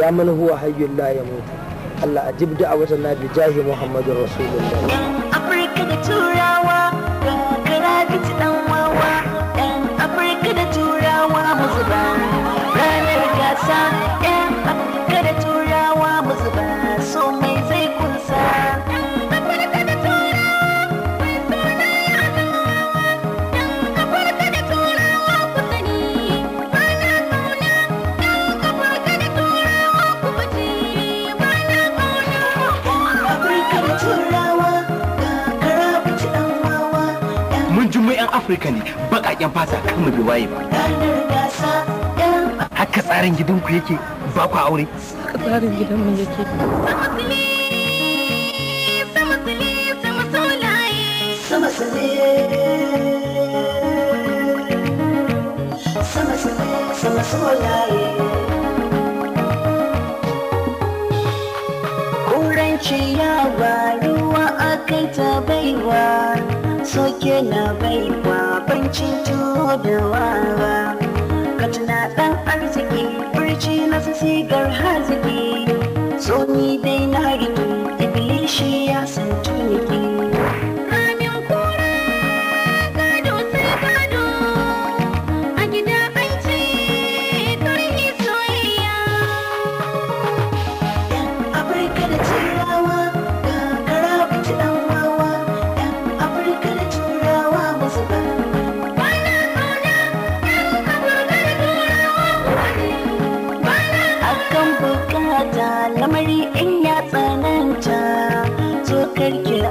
ya man huwa hayyun la yamutu Allah ajib da'awatan nabi jahi Muhammadur Rasulullah Afirka da Turawa mun ji 'yan afirka ne baƙaƙen fata kan mu waye ba haka tsarin gidanku yake ba ku aure haka tsarin gidanmu yake sama sama sama Kuranci ya ba a kai ta baiwa. na baiwa bancin tuwo da wawa ka na dan arziki barci na sigar haziki so ni dai na rikin ibilishi ya santu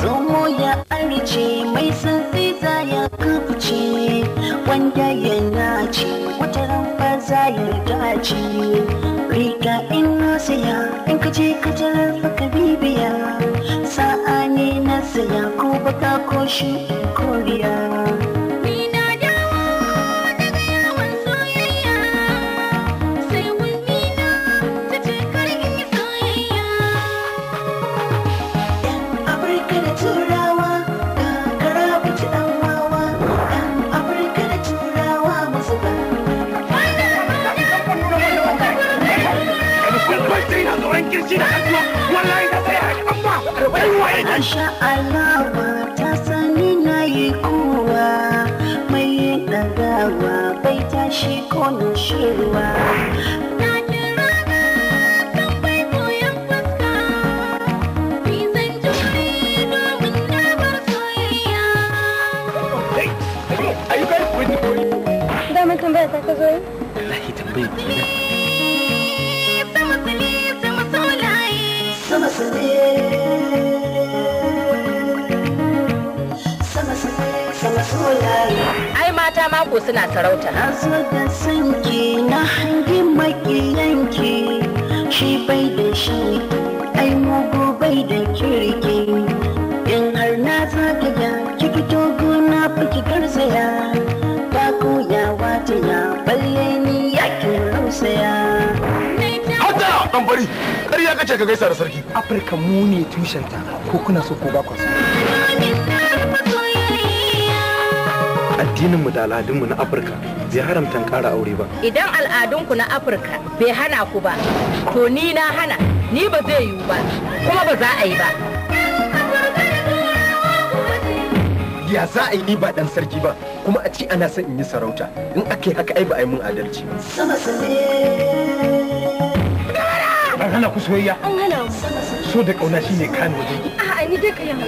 zomo ya arce mai santi za ya kubuce wanda yana ce wata ba za ya dace riga in siya in ka je ka tarar baka bibiya sa'a ne na saya ko baka ko shi koriya kirji da kasuwa wallahi na sai a amma ruwa ya ji sha alawa ta sani na yi kuwa mai dagawa bai tashi ko na shirwa Dama tambaya ta ka zo yi? Wallahi tambayar kenan. Ai mata mako suna sarauta. Na da sanki na hangi makiyanki shi bai da shi, ai mugu bai da kirki in har na zagaya ki fito gona fi garzaya. bari ya kace ka gaisa da sarki afirka mu ne tushenta ko kuna so ko ba ku so addininmu da al'adunmu na afirka bai haramta ƙara aure ba idan al'adunku na afirka bai hana ku ba to ni na hana ni ba zai yiwu ba kuma ba za a yi ba ya za a yi ni ba dan sarki ba kuma a ci ana son in yi sarauta in aka yi haka ai ba a yi mun adalci ba ku soyayya an hana mu so da kauna shine kan waje a'a ni dai kayan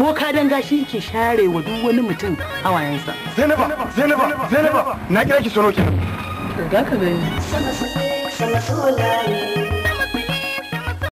boka dan gashi yake share wa duk wani mutum hawayensa zainaba zainaba zainaba na kira ki sono kenan. ga ka gani sama sama sama